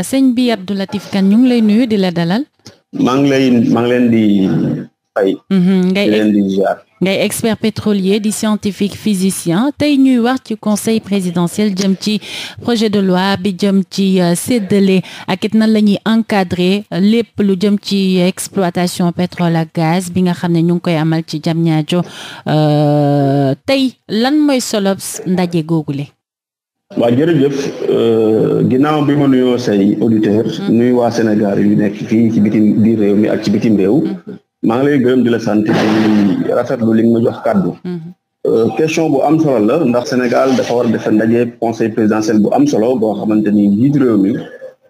sëñ bi Abdou Latif Kane ñu ngi lay nuyu di la dalal. maa lay di fay. Mhm, ngay expert pétrolier di scientifique physicien tey ñuy wax ci conseil présidentiel jëm ci projet de loi bi jëm ci euh, séddale ak it nan la ñuy encadrer euh, lépp lu jëm ci exploitation pétrole ak gaz bi nga xam ne ñu ngi koy amal ci Diamniadio euh, tey lan mooy solob ndaje googule waa jërëjëf euh, ginnaaw bi ma nuyoo say auditeur mm-hmm. nuyu waa Sénégal yu nekk fii ci biti biir réew mi ak ci bitim réew mm-hmm. maa ngi lay gërëm di la sant di rafetlu li nga ma jox kàddu mm-hmm. euh, question bu am solo la ndax Sénégal dafa war a def ndaje conseil présidentiel bu am solo boo xamante ni njiit réew mi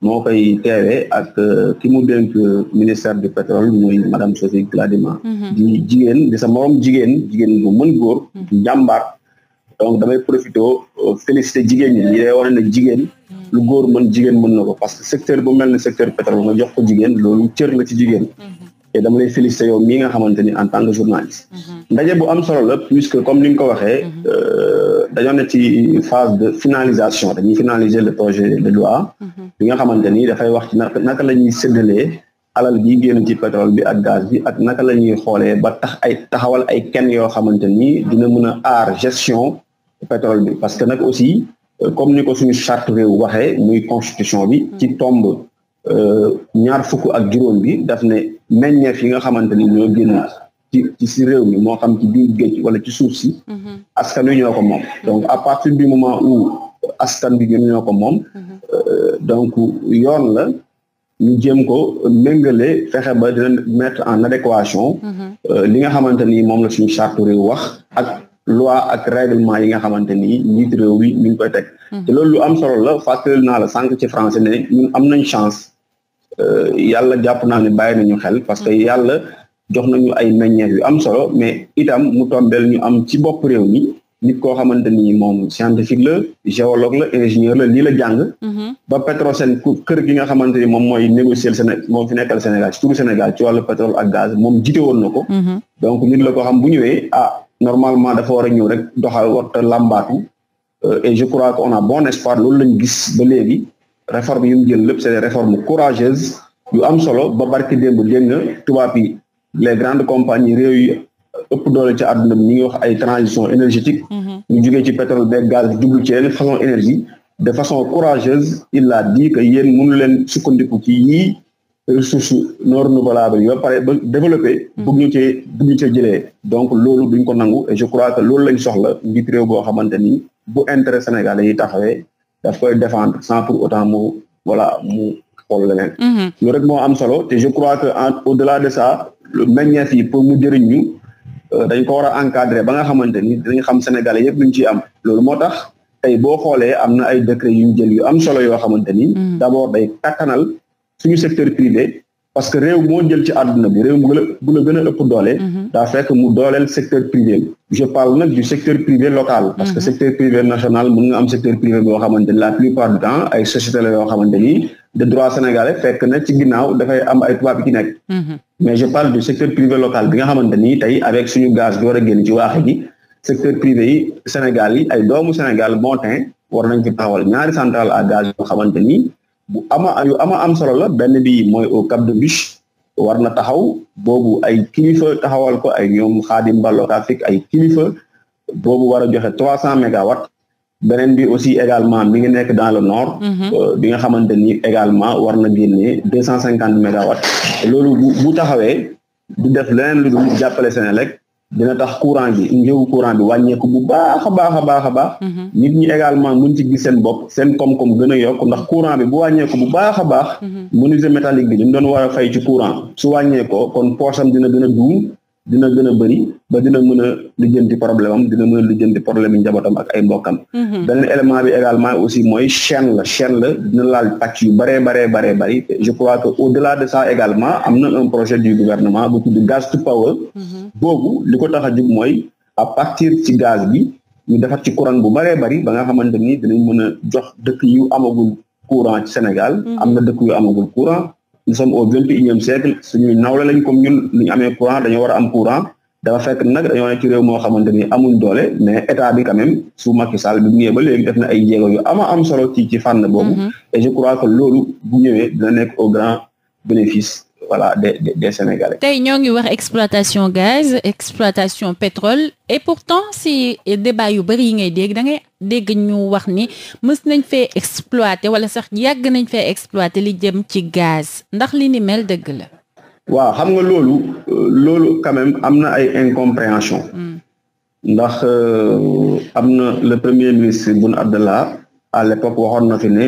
moo koy teewee ak euh, ki mu denk ministère du pétrole muy madame Sophie Gladima di jigéen di sa morom jigéen jigéen bu mën góor jàmbaar donc damay profité euh, félicité jigéen ñi day wane ne jigéen hmm. lu góor mën jigéen mën na ko parce que secteur bu mel ne secteur pétrole nga jox ko jigéen loolu cër la ci jigéen hmm. te dama lay félicité yow mii nga xamante ni en tant que journaliste hmm. ndaje bu am solo la puisque comme ni nga ko waxee euh, dañoo ne ci phase de dañuy finaliser le projet de loi nga xamante ni dafay wax ci naka la ñuy séddalee alal bi génn ci pétrole bi ak gaz bi ak naka la ñuy xoolee ba tax ay taxawal ay kenn yoo xamante ni dina mën a aar gestion pétrole bi parce que nag aussi euh, comme ni ko suñu charte réew waxee muy constitution bi ci tomb euh, ñaar fukk ak juróom bi daf ne meññeef yi nga xamante ni ñoo génn ci ci si réew mi moo xam biir géej wala ci suuf si mhm. askan wi moom mhm. donc à partir du moment où askan bi ñun ñoo ko moom mhm. euh, donc yoon la ñu jéem ko méngale fexe ba dina mettre en adéquation li nga xamante ni moom la suñu charte réew wax loi ak règlement yi nga xamante ni njiitu réew mi ngi koy teg hmm. te loolu lu am solo la fàttali na la sànq ci français ne ñun am nañ chance euh, yalla jàpp naa ne bàyyi nañu xel parce que hmm. yàlla jox nañu ay meññeef yu am solo mais itam mu tombeel ñu am ci bopp réew mi nit koo xamante ni moom scientifique la géologue la ingénieur la lii la jàng hmm. ba Petrosen kër gi nga xamante ni moom mooy négocier Sénégal moom fi nekkal Sénégal ci turu Sénégal ci wàllu pétrole ak gaz moom jiite woon na ko donc nit la ko xam bu ah, normalement dafa war a ñëw rek doxal warta làmbaatu euh, et je crois qu'on a bon espoir loolu lañ gis ba léegi réforme yu mu jël lépp c'est des réformes yu am solo ba barki démb dégg nga tubaab yi les grandes compagnies réew yi ëpp doole ci àdduna bi ñu ngi wax ay transition énergétique mhm. ñu jugee ci pétrole beeg gaz jublu ci yeneen de façon courageuse il a dit que leen sukkandiku ci yii ressource non renouvelable yi ba pare ba développé bëgg mm-hmm. ñu cee bëgg ñu cee jëlee donc loolu duñ ko nangu je crois que loolu lañ soxla njiit réew boo xamante ni bu intérêt Sénégal yi taxawee daf koy défendre sans pour mu voilà mu xool leneen mm-hmm. loolu rek moo am solo te je crois que en au delà de ça meññeef yi pour mu jëriñ ñu euh, dañ ko war a encadrer ba nga xamante ni dinañ xam sénégal yëpp luñ ciy am loolu moo tax tey boo xoolee am na ay décret yuñ jël yu am solo yoo xamante ni mm-hmm. d'abord day kattanal suñu secteur privé parce que réew moo jël ci àdduna bi réew mu gën a ëpp doole mhm. daa fekk mu dooleel secteur privé je parle nag du secteur privé local parce que mhm. secteur privé national mën nga am secteur privé boo xamante ni la plupart du temps ay société yoo xamante ni de droit sénégalais fekk na ci ginnaaw dafay am ay tubaab yi ci mhm. mais je parle du secteur privé local bi nga xamante ni avec suñu gaz bi war a génn ci waaxe gi secteur bu ama yu am solo la benn bi mooy au cap de biche war na taxaw boobu ay kilifa taxawal ko ay ñoom xaadim ballo Afrique ay kilifa boobu war a joxe trois cent mégawatts beneen bi aussi également mi ngi nekk dans le nord. Mhm. Euh, bi nga xamante ni également war na génne deux cent cinquante mégawatts loolu bu bu taxawee du def leneen lu dul jàppale Senelec dina tax courant bi njëgu courant bi wàññeeku bu baax a baax a baax a baax. Mhm. nit ñi également mën ci gis seen bopp seen koom-koom gën a yokk ndax courant bi bu wàññeeku bu baax a baax. Mhm. menuisier métallique bi li mu doon war a fay ci courant. su wàññeekoo kon poosam dina gën a duum dina gën a bëri ba dina mën a lijjanti problème am dina mën a lijjanti problème yi njabootam ak ay mbokkam mhm. beneen élément bi également aussi mooy chaîne la chaîne la dina laal pàcc yu baree baree baree bari je crois que au delà de ça également am na un projet du gouvernement bu tudd gaz to power mhm. boobu li ko tax a jug mooy à partir ci gaz bi ñu defar ci courant bu baree bari ba nga xamante ni dinañ mën a jox dëkk yu amagul courant ci Sénégal mhm. am na dëkk yu amagul courant nous sommes au vingt et unième siècle suñuy nawle lañ comme ñun lu ñu amee courant dañoo war a am courant dafa fekk na dañoo nekk ci réew moo xamante ni amuñ doole mais état bi quand même su Macky Sall bi mu ñëwee ba léegi def na ay jéego yu ama am solo ci ci fànn boobu mm-hmm. et je crois que loolu bu ñëwee dina nekk au grand bénéfice voilà des des, tey ñoo ngi wax exploitation gaz exploitation pétrole et pourtant si débat yu bëri yi ngay dégg da ngay dégg ñu wax ni mës nañ fee exploiter wala sax yàgg nañ fee exploiter li jëm ci gaz ndax li ni mel dëgg la. waaw xam nga loolu euh, loolu quand am na ay incompréhension. Hmm. ndax euh, am na le premier ministre Boun Abdallah à l'époque waxoon na fi ne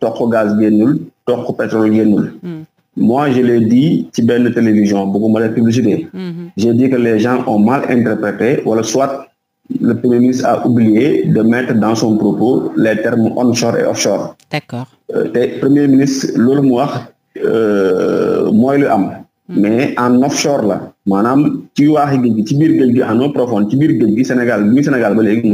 toq gaz génnul toq pétrole génnul. Hmm. mois je l'ai dit ci benn télévision bëgguma def publicité mhm. j'ai dit que les gens ont mal interprété wala soit le premier ministre a oublié de mettre dans son propos les termes onshore et offshore d'accord euh, te premier ministre loolu mu wax euh, mooy lu am mhm. mais en offshore la maanaam ci waaxi géej gi ci biir géej gi en eau profonde ci biir gi Sénégal bi Sénégal ba léegi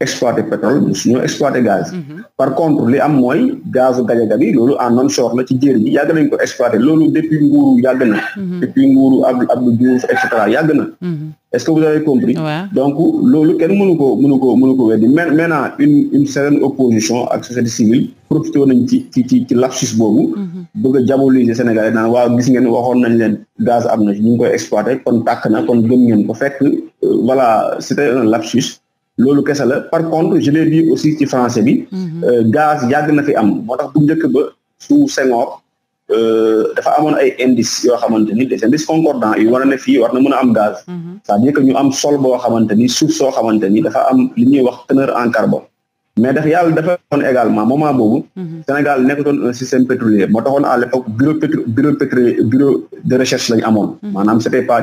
exploité pétrole musuñoo exploité gaz. Mhm. par contre li am mooy gazu Gajaga loolu en non sort la ci jéer yi yàgg nañ ko exploité loolu depuis nguuru yàgg na. Mhm. depuis nguuru Abdou Abdou Diouf et cetera yàgg na. Mhm. est-ce que ta avez compris. donc loolu kenn mënu ko mënu ko mënu une une opposition ak société civile profité nañ ci ci lapsus boobu. bëgg a jaboliser Sénégalais naan waaw gis ngeen waxoon nañ leen gaz am na ñu koy exploité kon tàkk na kon gëm ngeen ko fekk euh, voilà loolu kese la par contre je bi aussi ci français bi. Mhm. Euh, gaz yàgg na fi am moo tax bu njëkk ba su Senghor euh, dafa amoon ay indices yoo xamante ni des indices concordants yu wane ne fii war na mën a am gaz. Mhm. cest à ñu am sol boo xamante ni suuf soo xamante ni dafa am li ñuy wax teneur en carbone. mais dafa yàlla dafa doon également moment boobu. Mhm. Sénégal nekkutoon un système pétrolier moo taxoon à l'époque bureau bureau de recherche la ñu amoon. maanaam c'était pas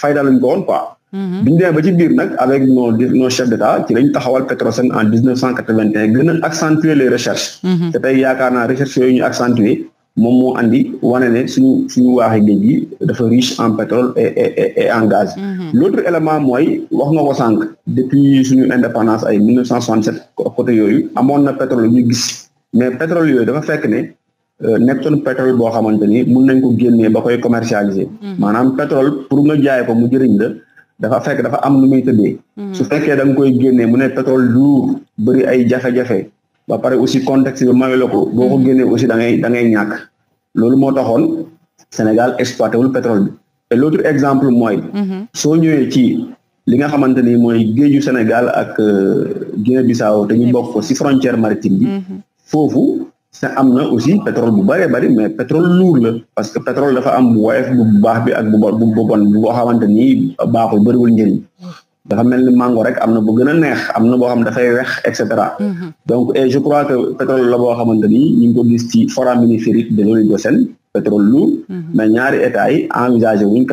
fayda lañ ko Mm-hmm. bi ñu demee ba ci biir nag avec nos nos chefs d'état ci lañ taxawal Petrosen en dix neuf cent quatre vingt un gën a accentuer les recherches. Mm-hmm. te tey yaakaar naa recherche yooyu ñu accentuer moom moo andi wane ne suñu suñu waaxi géej gi dafa riche en pétrole et et et en gaz. Mm-hmm. l'autre élément mooy wax nga ko sànq depuis suñu indépendance ay mille neuf cent yooyu amoon na pétrole ñu gis mais pétrole yooyu dafa fekk ne. Euh, nekkoon pétrole boo xamante ni mun nañ ko génnee ba koy commercialiser. maanaam pétrole pour nga jaay ko mu jëriñ la. dafa fekk dafa am lu muy tëddee. Mm-hmm. su fekkee da koy génnee mu ne pétrole lourd bëri ay jafe-jafe ba pare aussi contexte bi mayu la ko boo ko mm-hmm. génnee aussi dangay ngay ñàkk loolu moo taxoon Sénégal exploité wul pétrole bi et l'autre exemple mooy. Mm-hmm. soo ñëwee ci li nga xamante ni mooy géeju Sénégal ak euh, Guinée-Bissau te ñu bokk si ci frontière maritime foofu. sa am na aussi pétrole bu bëree bëri mais pétrole lourd la parce que pétrole dafa am bu woyof bu baax bi ak bu bu bu bon boo xamante ni baaxul bëriwul njëriñ dafa mel mango rek am na bu gën a neex am na boo xam dafay wex et cetera mhm. donc et je crois que pétrole la boo xamante ni ñu ngi ko gis ci forum ministériel de l'Oligocène pétrole lourd mhm. mais ñaari état yi envisagé wuñ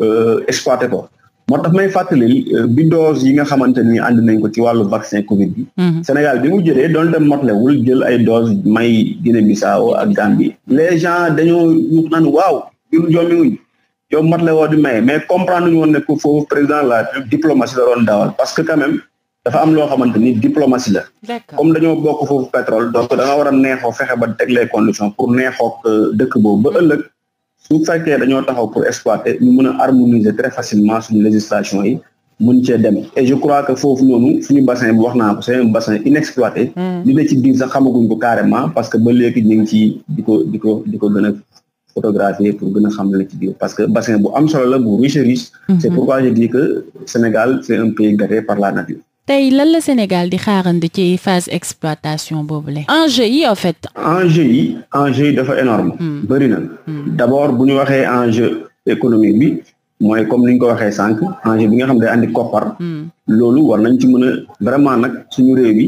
euh, exploité ko moo tax may fàttali euh, bi dose yi nga xamante ni ànd nañ ko ci wàllu vaccin Covid bi. Mhm. Sénégal bi mu jëlee donte motlewul jël ay dose may Guinée Bissau ak Gambie. les gens dañoo ñu naan waaw ñun jommi wuñ yow motlewoo di maye mais comprendre ñu woon ne ko foofu président la République la doon dawal parce que quand même. dafa am loo xamante ni diplomatie la. comme dañoo bokk foofu pétrole donc da nga war a neexoo fexe ba teg les conditions pour neexoo euh, dëkk boobu ba ëllëg su fekkee dañoo taxaw pour exploiter ñu mën a harmoniser très facilement suñu législation yi mën cee dem et je crois que foofu noonu suñu bassin bi wax naa ko c'est bassin inexploité mm. li na ci biir sax xamaguñ ko carrément parce que ba léegi ñu ngi ci di ko di ko di a photographier pour gën xam la ci biir parce que bassin bu am solo bu riche mm-hmm. c'est pourquoi je dis que Sénégal c'est un pays gâté par la nature tey lan Sénégal di xaarandi ci phase exploitation boobule. enjeu yi en fait. enjeu yi enjeu yi dafa énorme hmm. bëri na hmm. d'abord bu ñu waxee enjeu économique bi mooy comme ni ñu ko waxee sànq enjeu bi nga xam ne day andi koppar. Hmm. loolu war nañ ci mën a vraiment nag suñu réew yi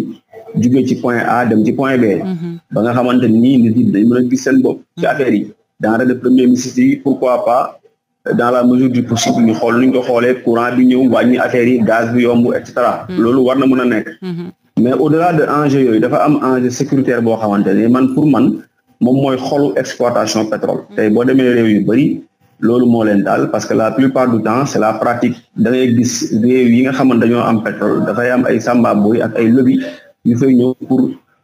jugee ci point A dem ci point B. ba nga xamante ni nit ñi dañ mën a gis seen bopp. ci affaire yi denrées de première nécessité yi pourquoi pas. dans la mesure du possible ñu xool nu ñu ko xoolee courant bi ñëw wàññi affaire yi gaz bi yomb et cetera. Mm-hmm. loolu war na mën a nekk. Mm-hmm. mais au delà de enjeu yooyu dafa am enjeu sécuritaire boo xamante ne man pour man moom mooy xolu exploitation pétrole. Mm-hmm. tey boo demee réew yu bëri loolu moo leen daal parce que la plupart du temps c' est la pratique da gis réew yi nga xamante dañoo am pétrole dafay am ay samba booy ak ay lobby yu fay ñëw pour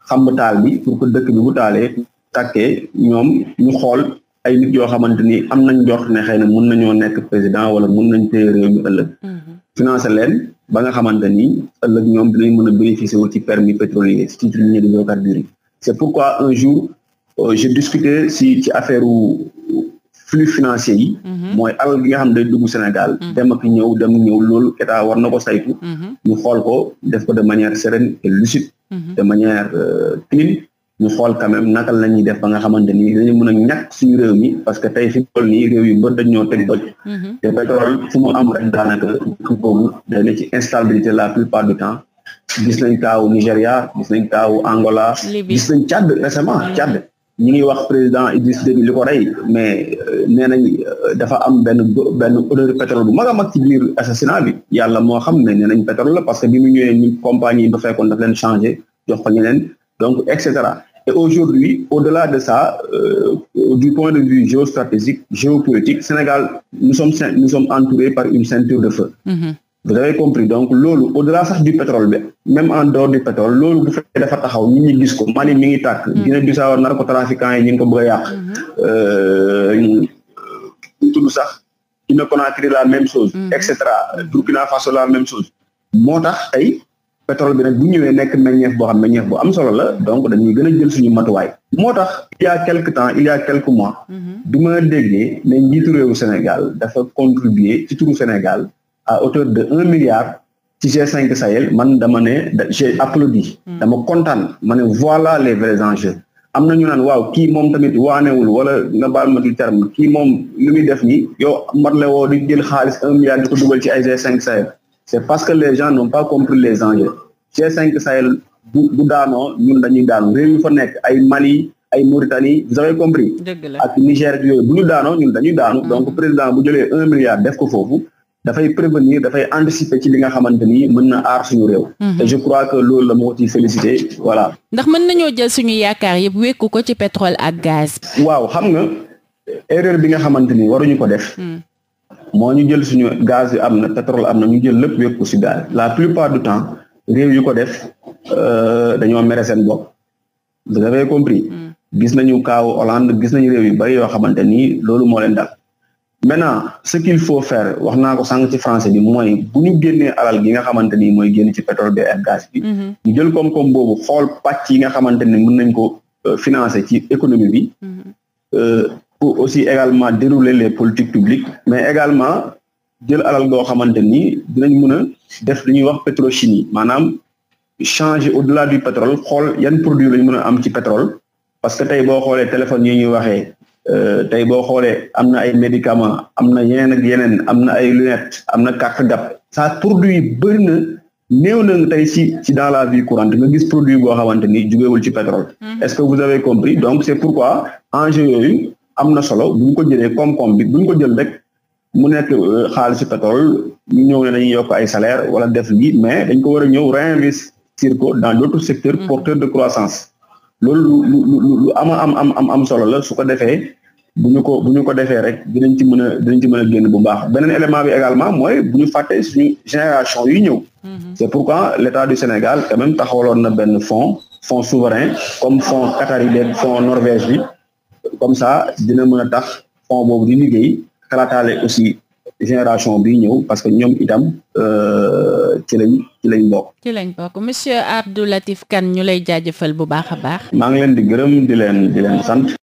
xam taal bi pour que dëkk bi bu taalee tàkkee ñoom ñu xool. ay nit yoo xamante ni am nañ jox ne xëy na mun nañoo nekk président wala mun nañ téye réew mi ëllëg mhm. financé leen ba nga xamante ni ëllëg ñoom dinañ mën a bénéficier wu ci permis pétrolier ci titre minier de hydrocarbures c'est pourquoi un jour euh, j'ai discuté si ci affaire u flux financier yi mhm. mooy alal gi nga xam ne day dugg Sénégal mhm. dem ak ñëw dem ñëw loolu état war na ko saytu ñu xool ko def ko de manière sereine et lucide de manière euh, clean ñu xool quand naka la ñuy def ba nga xamante ni dañu mën a ñàkk suñu réew mi parce que tey fi toll nii réew yu bët dañ ñoo teg doj mhm. te pétrole fu mu gis nañ kaawu Nigéria gis nañ kaawu Angola gis nañ Tchad récemment Tchad ñi ngi wax président Idriss Déby li ko rey mais euh, nee nañ euh, dafa mag a mag ci biir assassinat bi yàlla moo xam ne nee nañ parce que bi mu ñëwee ñu compagnie yi ba fekkoon daf leen changé jox ko ñeneen donc et cetera et aujourd'hui au-delà de ça euh, du point de vue géostratégique géopolitique Sénégal nous sommes nous sommes entourés par une ceinture de feu mhm. vous avez compris donc loolu au-delà sax du pétrole bi même en dehors du pétrole loolu bu fekkee dafa taxaw nit ñi gis ko Mali mi ngi tàkk mhm. Guinée Bissau narcotrafiquants yi ñu ko bëgg a yàq ñu mhm. euh, tudd sax Guinée Conakry la même chose mm -hmm. et cetera Burkina la même chose moo tax tey pétrole bi nag bu ñëwee nekk meññeef boo xam meññeef bo am solo la donc dañuy gën a jël suñu matuwaay. moo tax il y a quelque temps il y a quelques mois. Mhm. bi ma déggee ne njiitu réewu Sénégal dafa contribuer ci turu Sénégal à hauteur de un milliard ci G5 Sahel man dama ne j'ai applaudi mhm. dama kontaan ma ne voilà les vrais enjeux. am na ñu naan waaw kii moom tamit waanewul wala nga baal ma ci terme kii moom lu muy def nii yow mat la woo di jël xaalis un milliard di ci ay G5 c'est parce que les gens n'ont pas compris les enjeux G5 Sahel bu bu daanoo ñun dañuy daanu réew yu fa nekk ay Mali ay Mauritanie vous avez compris ak Niger yooyu bu ñu daanoo ñun dañuy daanu mm-hmm. donc président bu jëlee un milliard def ko foofu dafay prévenir dafay anticiper ci li nga xamante mën na aar suñu réew mm-hmm. te je crois que loolu la ma ko ci félicité voilà ndax mën nañoo jël suñu yaakaar yëpp wékku ko ci pétrole ak gaz waaw xam nga erreur bi nga xamante ni waruñu ko def mm. moo ñu jël suñu gaz yi am na pétrole am na ñu jël lépp yëpp si gaz la plupart du temps réew yu ko def euh, dañoo mere seen bopp vous avez compris mm. gis nañu kaaw Hollande gis nañu réew yu bari yoo xamante ni loolu moo leen dal maintenant ce qu'il faut faire wax naa ko sànq ci français bi mooy bu ñu génnee alal gi nga xamante ni mooy génn ci pétrole bi ak gaz bi mm-hmm. ñu jël koom-koom boobu xool pàcc yi nga xamante ni mën nañ ko euh, financé ci économie bi mm-hmm. euh, pour aussi également dérouler les politiques publiques mais également jël alal goo xamante ni dinañ mën a def lu ñuy wax pétrochimie maanaam changer au-delà du pétrole xool yan produit lañ mën a am ci pétrole parce que tey boo xoolee téléphone yi ñuy waxee euh, tey boo xoolee am na ay médicaments am na yeneen ak yeneen am na ay lunettes am na carte gab ça produit bëri na néew na tey si si dans la vie courante nga gis produit boo xamante ni jugewul ci pétrole mm-hmm. est-ce que vous avez compris donc c'est pourquoi enjeu yooyu am na solo bu ñu ko jëlee koom-koom bi bu ko jël rek mu nekk euh, xaalisu pétrole ñu ñëw ne dañuy yokk ay salaire wala def lii mais dañ ko war a ñëw réinvestir ko dans d' autres secteurs mm. porteurs de croissance loolu lu lu lu am am am am solo la su ko defee bu ñu ko bu ñu ko defee rek dinañ ci mën a dinañ ci mën a bu baax beneen élément bi également mooy bu ñu fàtte suñu génération yi ñëw mm-hmm. c' est pourquoi l' état du Sénégal quand même taxawaloon na benn fonds fonds souverain comme fonds qatari beeg fonds norvège bi comme ça dina mën a tax fond boobu di liggéey xalaataale aussi génération bi ñëw parce que ñoom itam euh, ci lañ ci lañ bokk. ci lañ bokk monsieur Abdou Latif Kane ñu lay jaajëfal bu baax a baax. maa ngi leen di gërëm di leen di leen sant.